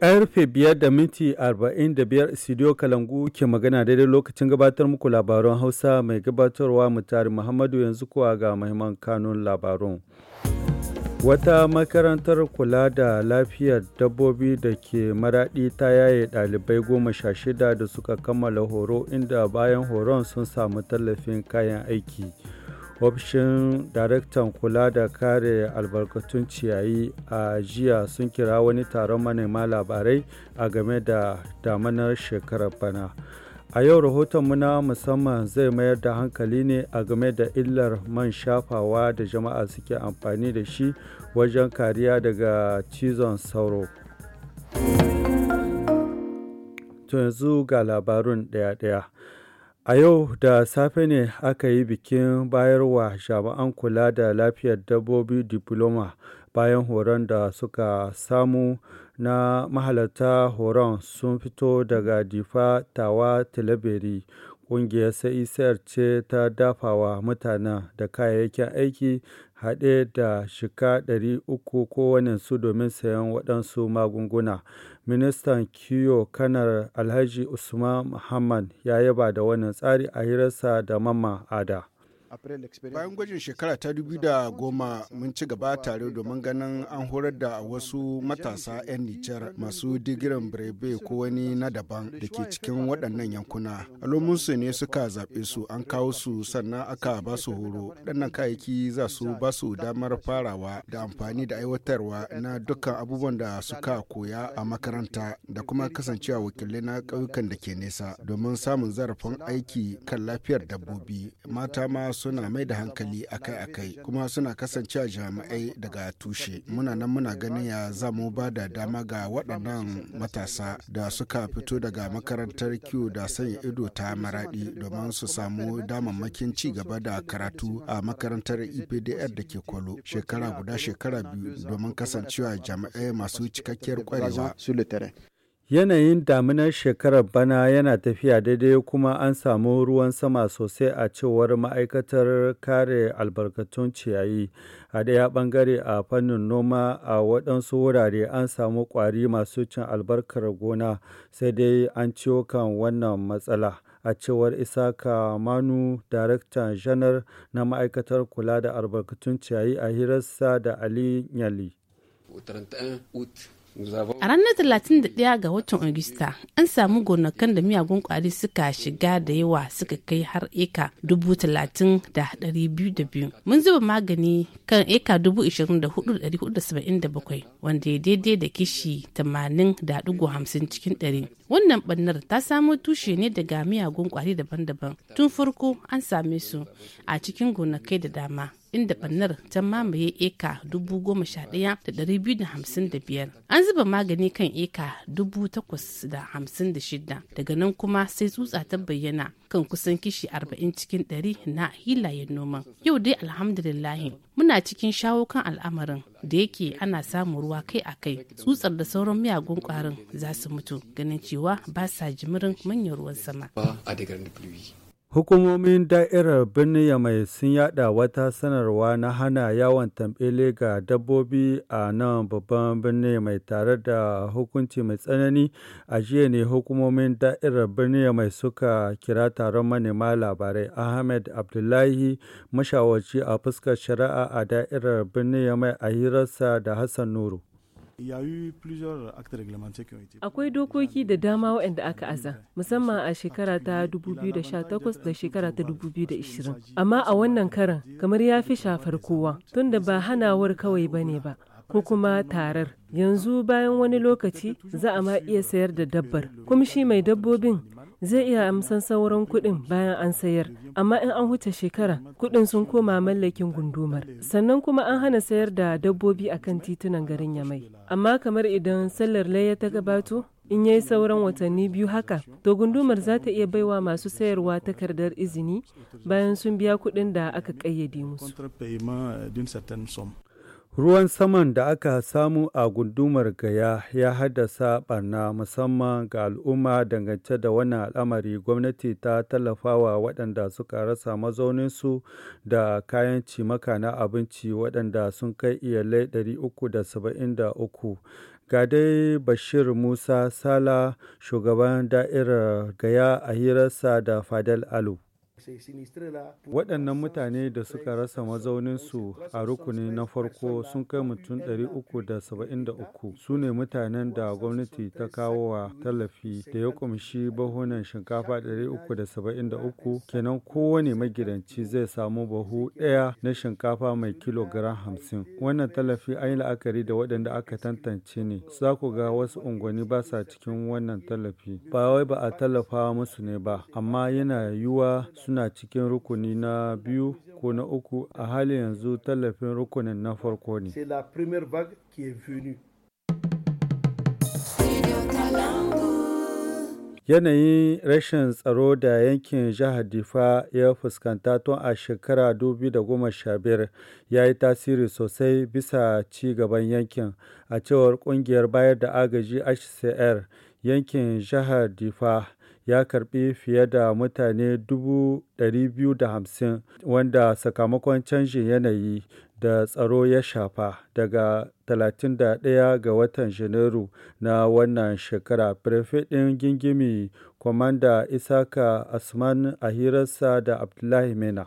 Karfe 5 da minti 45 Studio Kalangu ke magana daidai lokacin gabatar muku labaran Hausa mai gabatarwa mutari Muhammadu yanzu kuwa ga mahimman kanun labarun. Wata makarantar kula da lafiyar dabbobi da ke maradi ta yaye dalibai goma sha shida da suka kammala horo inda bayan horon sun samu tallafin kayan aiki. ofishin daraktan kula da kare albarkatun ciyayi a jiya sun kira wani taron manema labarai a game da damanar shekarar bana a yau rahoton na musamman zai mayar da hankali ne a game da illar man shafawa da jama'a suke amfani da shi wajen kariya daga cizon sauro to yanzu ga labarun ɗaya-ɗaya A yau da safe ne aka yi bikin bayarwa jami'an kula da lafiyar dabbobi diploma bayan horon da suka samu na mahalarta horon sun fito daga Difa Tawa talabari Ƙungiyar sai e ce ta dafawa mutane da kayayyakin aiki haɗe da shika 300 su domin sayan waɗansu magunguna. Ministan kiyo Kanar Alhaji Usman Muhammad ya yaba da wannan tsari a hirarsa da Mamman Ada. Bayan gwajin shekara ta da goma mun ci gaba tare domin ganin an horar da wasu matasa 'yan Nijar masu digirin birebe ko wani na daban da ke cikin waɗannan yankuna. Alomunsu ne suka zaɓe su an kawo su sannan aka ba su horo. Ɗannan kayayyaki za su ba su damar farawa da amfani da aiwatarwa na dukkan abubuwan da suka koya a makaranta da kuma kasancewa wakilai na ƙauyukan da ke nesa domin samun zarafin aiki kan lafiyar dabbobi. Mata ma suna mai da hankali akai-akai kuma suna kasancewa jami'ai daga tushe. Muna nan muna ganin ya za mu ba da dama ga waɗannan matasa da suka fito daga makarantar kiwo da sanya ido ta maraɗi domin su samu damammakin ci gaba da karatu a makarantar EPDR da ke kwalo shekara guda shekara biyu domin kasancewa jami'ai masu cikakkiyar kwarewa. Yanayin daminar shekarar bana yana tafiya daidai kuma an samu ruwan sama sosai a cewar Ma'aikatar Kare Albarkatun Ciyayi. A daya bangare a fannin noma a waɗansu wurare an samu ƙwari masu cin albarkar gona, sai dai an ciyo kan wannan matsala. A cewar Isaka Manu, daraktan Janar na Ma'aikatar Kula da Albarkatun Ciyayi a hirarsa da Ali Nyali. A ranar 31 ga watan Agusta, an samu gonakan da miyagun kwari suka shiga da yawa suka kai har eka biyu. Mun zuba magani kan eka 24,477 wanda ya daidai da kishi 80.50 cikin 100 Wannan bannar ta samo tushe ne daga miyagun kwari daban-daban. Tun farko an same su a cikin gonakai da dama. inda bannar ta mamaye eka dubu goma an zuba magani kan eka dubu takwas shida daga nan kuma sai tsutsa ta bayyana kan kusan kishi arba'in cikin ɗari na hilayen noman yau dai alhamdulillahi muna cikin shawo kan al'amarin da yake ana samun ruwa kai a kai tsutsar da sauran miyagun kwarin za su mutu ganin cewa cewa ba sa jimirin manyan ruwan sama. Hukumomin da'irar birnin Yamai sun yada wata sanarwa na hana yawon tambele ga dabbobi a nan babban birnin mai tare da hukunci mai tsanani a jiya ne hukumomin da'irar birnin yamai suka kira taron manema labarai Ahmed Abdullahi mashawarci a fuskar shari'a a da'irar birnin mai a hirarsa da Hassan Nuru. Akwai dokoki da dama waɗanda aka aza, musamman a shekara ta 2018 da shekara ta 2020. Amma a wannan karan, kamar ya fi shafar kowa, tunda ba hanawar kawai bane ba, ko kuma tarar. Yanzu bayan wani lokaci za a ma iya sayar da dabbar. Kuma shi mai dabbobin zai iya amsan sauran kuɗin bayan an sayar amma in an wuce shekara kuɗin sun koma mallakin gundumar sannan kuma an hana sayar da dabbobi a kan titunan garin yamai amma kamar idan sallar layya ta gabato in yayi sauran watanni biyu haka to gundumar za ta iya baiwa masu sayarwa takardar izini bayan sun biya kuɗin da aka ƙayyade musu Ruwan saman da aka samu a gundumar Gaya ya haddasa ɓarna musamman ga al'umma dangance da wannan al'amari gwamnati ta tallafawa waɗanda suka rasa mazauninsu da kayan cimaka na abinci waɗanda sun kai iyalai 373. Ga dai Bashir Musa Sala, shugaban da'irar Gaya a hirarsa da Fadel Alu. Waɗannan mutane da suka rasa mazauninsu a rukuni na farko sun kai mutum 373 su ne mutanen da gwamnati ta kawo wa tallafi da ya kumshi bahunan shinkafa 373 kenan kowane magidanci zai samu bahu ɗaya na shinkafa mai kilogram hamsin. wannan tallafi an yi la'akari da waɗanda aka tantance ne za ku ga wasu unguwanni ba sa cikin wannan tallafi ba ba a tallafa musu ne ba amma yana yiwuwa su suna cikin rukuni na biyu ko na uku a halin yanzu tallafin rukunin na farko ne. Yanayin rashin tsaro da yankin jihar Difa ya fuskanta tun a shekara 2015 ya yi tasiri sosai bisa ci gaban yankin, a cewar kungiyar bayar da agaji HCR yankin jihar Difa. ya karbi fiye da mutane 250,000 wanda sakamakon canjin yanayi da tsaro ya shafa daga 31 ga watan janairu na wannan shekara prefet ɗin gingimi kwamanda isaka asman ahirarsa da abdullahi mena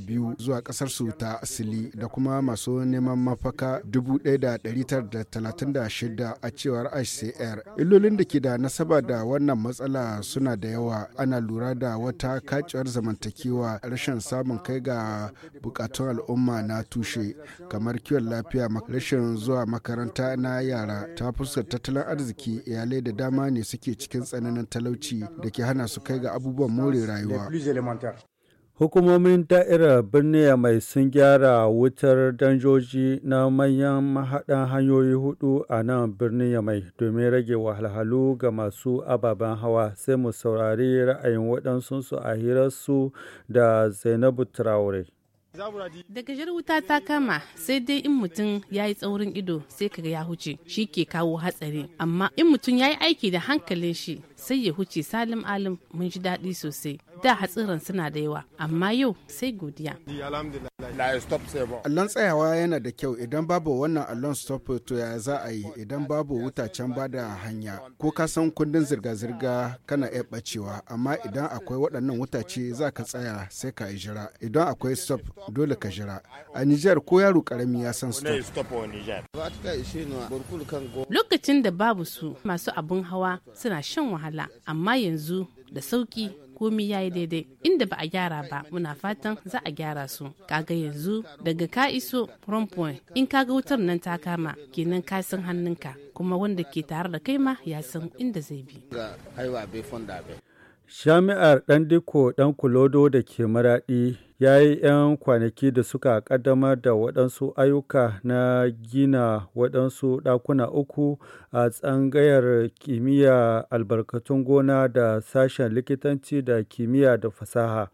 biyu zuwa kasar su ta asili da kuma masu neman mafaka 1936 a cewar hcr illolin da ke da nasaba da wannan matsala suna da yawa ana lura da wata kaciyar zamantakewa rashin samun kai ga bukatun al'umma na tushe kamar kiwon lafiya rashin zuwa makaranta na yara ta fuskar tattalin arziki iyalai da dama ne suke cikin tsananin talauci da ke hana su kai ga abubuwan more rayuwa Hukumomin Da'irar Birnin mai sun gyara wutar danjoji na manyan mahaɗan hanyoyi huɗu a nan birnin mai domin rage wahalhalu ga masu ababen hawa, sai mu saurari ra'ayin waɗansu su a hirarsu da Zainabu Traore. daga jar wuta ta kama sai dai in mutum ya yi tsaurin ido sai kaga ya huce shi ke kawo hatsari amma in mutum ya yi aiki da hankalin shi sai ya huce salim alim mun ji daɗi sosai da hatsiran suna da yawa amma yau sai godiya allon tsayawa yana da kyau idan babu wannan allon stop to ya za a yi idan babu wutacen ba da hanya ko ka san kundin zirga-zirga kana iya bacewa amma idan akwai waɗannan wutace za ka tsaya sai ka jira idan akwai stop dole ka jira a nijar ko yaro karami ya san stop lokacin da babu su masu abun hawa suna shan wahala wahala amma yanzu da sauki komi ya yi daidai inda ba a gyara ba muna fatan za a gyara su kaga yanzu daga ka iso point in kaga wutar nan ta kama kenan ka san hannunka kuma wanda ke tare da kai ma ya san inda zai bi Jami'ar ɗan kulodo da ke Maraɗi ya yi ‘yan kwanaki da suka ƙaddamar da waɗansu ayyuka na gina waɗansu ɗakuna uku a tsangayar kimiyya albarkatun gona da sashen likitanci da kimiyya da fasaha.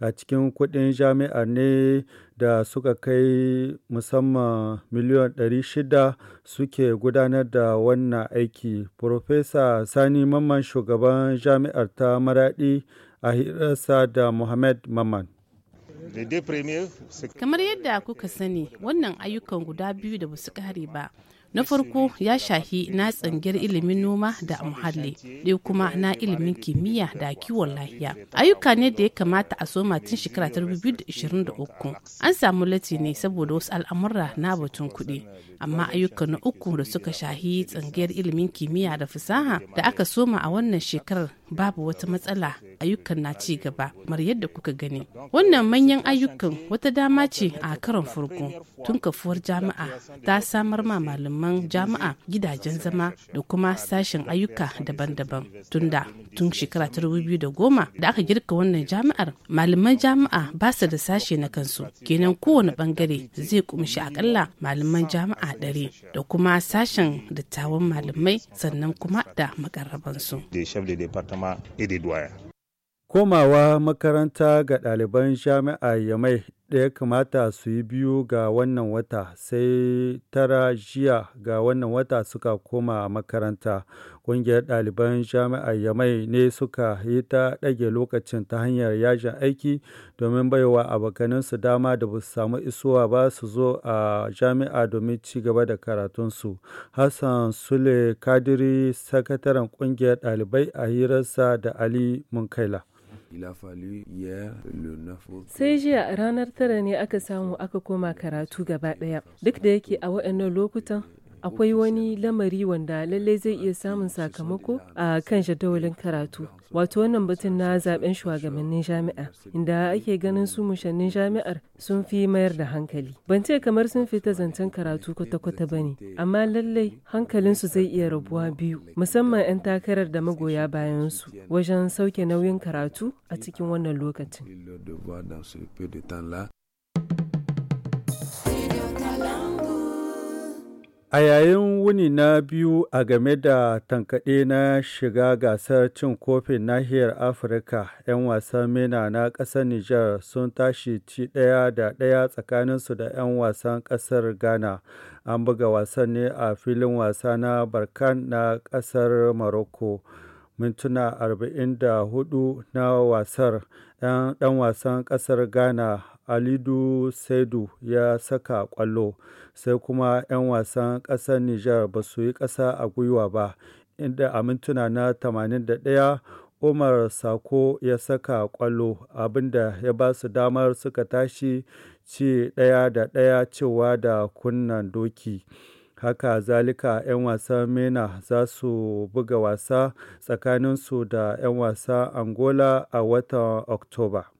A cikin kuɗin jami'ar ne da suka kai musamman miliyan 600 suke gudanar da wannan aiki. Profesa Sani Mamman shugaban jami'ar ta Maraɗi a hirarsa da Muhammad Mamman. Kamar yadda kuka sani, wannan ayyukan guda biyu da basu kare ba. na farko ya shahi na tsangiyar ilimin noma da muhalli ɗaya kuma na ilimin kimiyya da kiwon lahiya. ayyuka ne da ya kamata a soma tun shekara 2023 an samu lati ne saboda wasu al'amurra na batun kuɗi amma ayyuka na uku da suka shahi tsangiyar ilimin kimiyya da fasaha da aka soma a wannan shekarar babu wata matsala ayyukan na ci gaba mar yadda kuka gani wannan manyan ayyukan wata dama ce a karon farko tun kafuwar jami'a ta samar ma malaman jami'a gidajen zama da kuma sashen ayyuka daban-daban tunda tun shekara ta goma da aka girka wannan jami'ar malaman jami'a ba su da sashe na kansu kenan kowane bangare zai kumshi akalla malaman jami'a ɗari da kuma sashen dattawan malamai sannan kuma da makarrabansu. Komawa makaranta ga ɗaliban jami'a Yamai da ya kamata su yi biyu ga wannan wata sai tara jiya ga wannan wata suka koma makaranta. Ƙungiyar ɗaliban jami'a ya mai ne suka yi ta ɗage lokacin ta hanyar yajin aiki domin baiwa bakaninsu dama da ba su samu isowa ba su zo a jami'a domin ci gaba da karatunsu. Hassan Sule Kadiri, sakataren ƙungiyar ɗalibai a hirarsa da Ali Munkaila. Sai jiya ranar tara ne aka samu aka koma karatu gaba ɗaya. Duk da yake a waɗannan lokutan akwai wani lamari wanda lallai zai iya samun sakamako a kan jadawalin karatu wato wannan batun na zaben shugabannin jami'a inda ake ganin su mushannin jami'ar sun fi mayar da hankali ban ce kamar sun fita zancen karatu kwata-kwata ba ne amma lallai hankalinsu zai iya rabuwa biyu musamman 'yan takarar da magoya bayan su wajen sauke nauyin karatu a cikin wannan lokacin. A yayin wuni na biyu a game da tankaɗe na shiga gasar cin kofin nahiyar Afirka, 'yan wasan MENA na ƙasar Nijar sun tashi ci ɗaya da ɗaya tsakaninsu da 'yan wasan ƙasar Ghana. An buga wasan ne a filin wasa na Barkan na ƙasar Morocco. mintuna 44 na wasar ɗan wasan ƙasar ghana alidu saidu ya saka ƙwallo sai kuma 'yan wasan ƙasar niger ba su yi ƙasa a gwiwa ba inda a mintuna na 81 umar sako ya saka ƙwallo abinda ya ba su damar suka tashi ci ɗaya da ɗaya cewa da kunnan doki Haka zalika, 'yan wasan MENA za su buga wasa tsakaninsu da 'yan wasa Angola a watan Oktoba.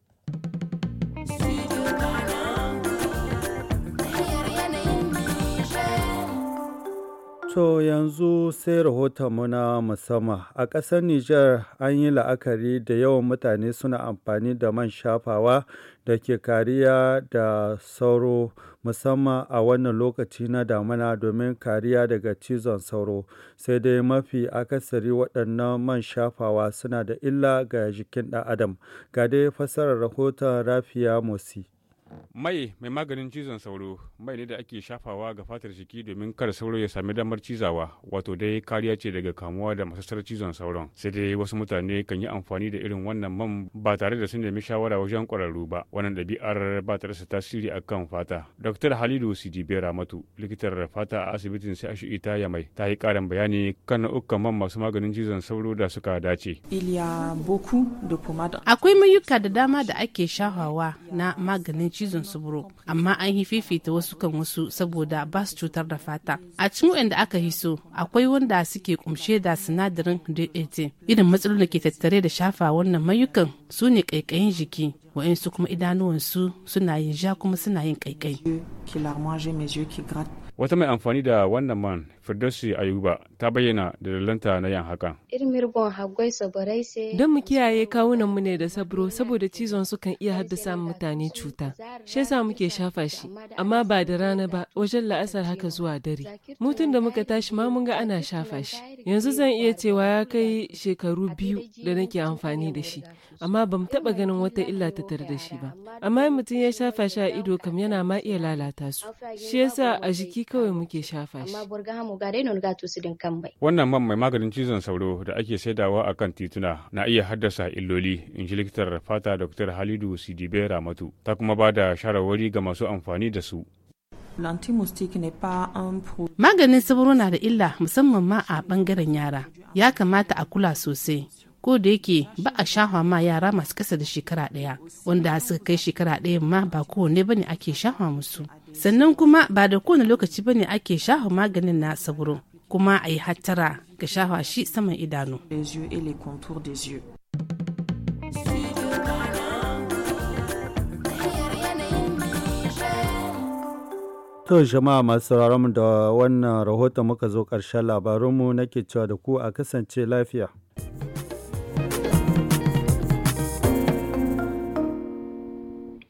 To yanzu sai rahotonmu na musamman. A ƙasar Nijar an yi la'akari da yawan mutane suna amfani da man shafawa da ke kariya da sauro musamman a wannan lokaci na damina domin kariya daga cizon sauro. Sai dai mafi akasari waɗannan man shafawa suna da illa ga jikin ɗan adam. Ga dai fassarar rahoton Rafiya Musi. Mai mai maganin cizon sauro mai ne da ake shafawa ga fatar jiki domin kar sauro ya sami damar cizawa wato dai kariya ce daga kamuwa da masasar cizon sauron sai dai wasu mutane kan yi amfani da irin wannan man ba tare da sun nemi shawara wajen kwararru ba wannan ɗabi'ar ba ta rasa tasiri a kan fata. Dr. Halidu Sidibe Ramatu likitar fata a asibitin sai ashi ita ya mai ta yi ƙarin bayani kan nau'ukan man masu maganin cizon sauro da suka dace. Akwai mayuka da dama da ake shafawa na maganin cizon sauro amma an yi fifita wasu kan wasu saboda ba su cutar da fata a cikin wanda aka hiso akwai wanda suke kumshe da sinadarin DAT irin matsalolin da ke tattare da shafa wannan mayukan su ne kaikayin jiki wa'insu kuma idanuwansu suna yin ja kuma suna yin kaikai wata mai amfani da wannan man Firdausi Ayuba ta bayyana da dalilanta na yin hakan. Don mu kiyaye mu ne da sabro saboda cizon su kan iya haddasa mutane cuta. Shi yasa muke shafa shi, amma ba da rana ba wajen la'asar haka zuwa dare. mutum da muka tashi ma mun ga ana shafa shi. Yanzu zan iya cewa ya kai shekaru biyu da nake amfani da shi, amma ban taɓa ganin wata illa ta tare da shi ba. Amma mutum ya shafa shi a ido kam yana ma iya lalata su. Shi yasa a jiki kawai muke shafa shi. gare non ga din kan bai wannan man mai maganin cizon sauro da ake saidawa a kan tituna na iya haddasa illoli in ji likitar fata dr halidu sidibe ramatu ta kuma ba da shawarwari ga masu amfani da su maganin sauro na da illa musamman ma a ɓangaren yara ya kamata a kula sosai ko da yake ba a shafa ma yara masu kasa da shekara ɗaya wanda suka kai shekara ɗaya ma ba kowane bane ake shafa musu sannan kuma ba da kowane lokaci bane ake shafa maganin na sauro kuma a yi hattara ga shafa shi saman idanu To jama'a masu sauraron da wannan rahoton muka zo ƙarshen labarunmu nake cewa da ku a kasance lafiya.